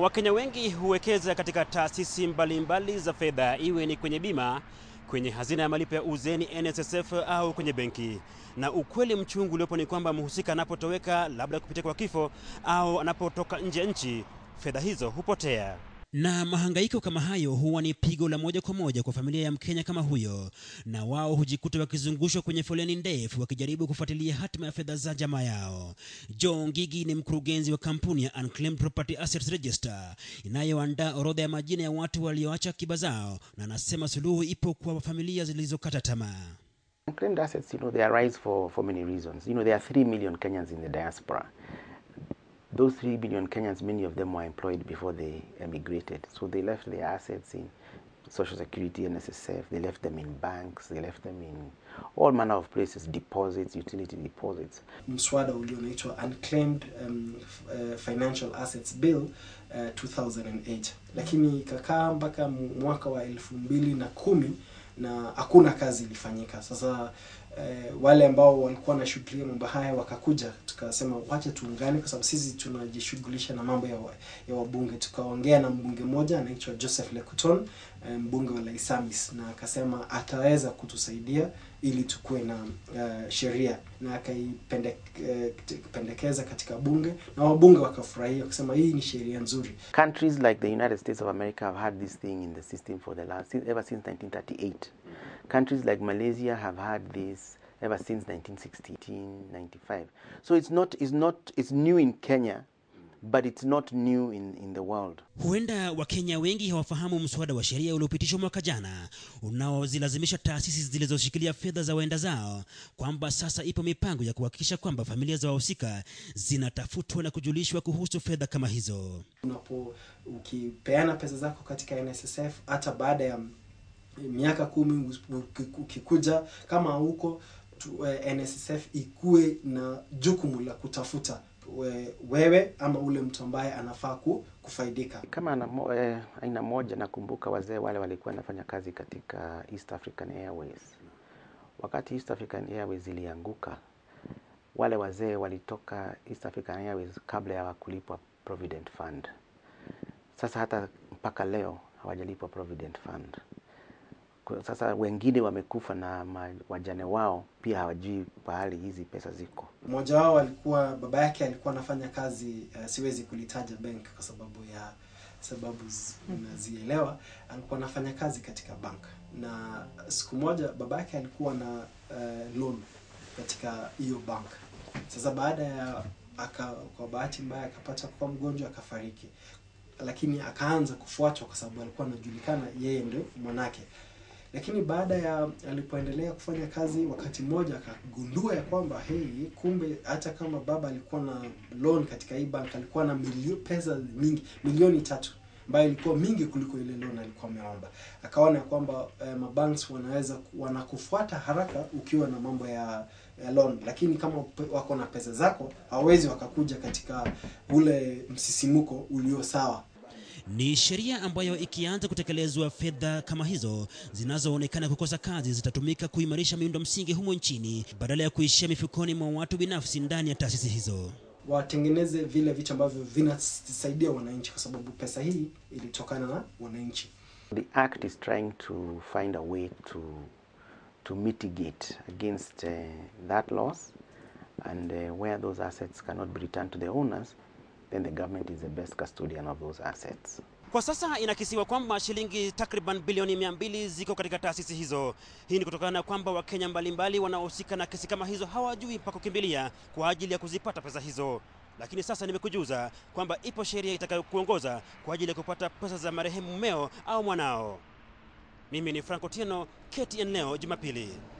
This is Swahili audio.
Wakenya wengi huwekeza katika taasisi mbalimbali za fedha, iwe ni kwenye bima, kwenye hazina ya malipo ya uzeni NSSF, au kwenye benki. Na ukweli mchungu uliopo ni kwamba mhusika anapotoweka, labda kupitia kwa kifo au anapotoka nje ya nchi, fedha hizo hupotea. Na mahangaiko kama hayo huwa ni pigo la moja kwa moja kwa familia ya Mkenya kama huyo, na wao hujikuta wakizungushwa kwenye foleni ndefu wakijaribu kufuatilia hatima ya fedha za jamaa yao. John Gigi ni mkurugenzi wa kampuni ya Unclaimed Property Assets Register inayoandaa orodha ya majina ya watu walioacha akiba zao, na anasema suluhu ipo kwa familia zilizokata tamaa. Unclaimed assets, you know, they arise for, for many reasons. You know, there are 3 million Kenyans in the diaspora. Those 3 billion Kenyans, many of them were employed before they emigrated. So they left their assets in Social Security, NSSF, they left them in banks, they left them in all manner of places, deposits, utility deposits. Mswada ulio unaitwa Unclaimed um, uh, Financial Assets Bill uh, 2008, lakini ikakaa mpaka mwaka wa elfu mbili na kumi na hakuna kazi ilifanyika. Sasa eh, wale ambao walikuwa wanashughulia mambo haya wakakuja, tukasema wacha tuungane, kwa sababu sisi tunajishughulisha na mambo ya, wa, ya wabunge. Tukaongea na mbunge mmoja anaitwa Joseph Lekuton, eh, mbunge wa Laisamis, na akasema ataweza kutusaidia ili tukuwe na uh, sheria na akaipendekeza eh, uh, katika bunge na wabunge wakafurahia wakasema hii ni sheria nzuri. Countries like the United States of America have had this thing in the system for the last ever since 1938. Countries like Malaysia have had this ever since 1965. So it's not, it's not, it's new in Kenya but it's not new in, in the world. Huenda Wakenya wengi hawafahamu mswada wa sheria uliopitishwa mwaka jana unaozilazimisha taasisi zilizoshikilia fedha za waenda zao kwamba sasa ipo mipango ya kuhakikisha kwamba familia za wahusika zinatafutwa na kujulishwa kuhusu fedha kama hizo. Unapo ukipeana pesa zako katika NSSF hata baada ya Eh, miaka kumi ukikuja kama huko eh, NSSF ikue na jukumu la kutafuta we, eh, wewe ama ule mtu ambaye anafaa kufaidika kama anamo, eh, aina moja. Nakumbuka wazee wale walikuwa wanafanya kazi katika East African Airways. Wakati East African Airways ilianguka, wale wazee walitoka East African Airways kabla ya kulipwa Provident Fund. Sasa hata mpaka leo hawajalipwa Provident Fund. Sasa wengine wamekufa na wajane wao pia hawajui pahali hizi pesa ziko. Mmoja wao alikuwa baba yake alikuwa anafanya kazi uh, siwezi kulitaja bank kwa sababu ya sababu unazielewa. Alikuwa anafanya kazi katika bank, na siku moja baba yake alikuwa na uh, loan katika hiyo bank. Sasa baada ya aka, kwa bahati mbaya akapata kuwa mgonjwa akafariki, lakini akaanza kufuatwa kwa sababu alikuwa anajulikana yeye ndio mwanake. Lakini baada ya alipoendelea kufanya kazi, wakati mmoja akagundua ya kwamba hey, kumbe hata kama baba alikuwa na loan katika hii bank, alikuwa na milio, pesa mingi milioni tatu ambayo ilikuwa mingi kuliko ile loan alikuwa ameomba. Akaona kwamba eh, mabanks wanaweza wanakufuata haraka ukiwa na mambo ya, ya loan, lakini kama wako na pesa zako hawawezi wakakuja katika ule msisimuko ulio sawa. Ni sheria ambayo ikianza kutekelezwa, fedha kama hizo zinazoonekana kukosa kazi zitatumika kuimarisha miundo msingi humo nchini badala ya kuishia mifukoni mwa watu binafsi ndani ya taasisi hizo. Watengeneze vile vitu ambavyo vinasaidia wananchi, kwa sababu pesa hii ilitokana na wananchi. The act is trying to find a way to to mitigate against uh, that loss and uh, where those assets cannot be returned to the owners then the government is the best custodian of those assets. Kwa sasa inakisiwa kwamba shilingi takriban bilioni mia mbili ziko katika taasisi hizo. Hii ni kutokana na kwamba Wakenya mbalimbali wanaohusika na kesi kama hizo hawajui pa kukimbilia kwa ajili ya kuzipata pesa hizo. Lakini sasa nimekujuza kwamba ipo sheria itakayokuongoza kwa ajili ya kupata pesa za marehemu mmeo au mwanao. Mimi ni Franco Tieno, KTN leo Jumapili.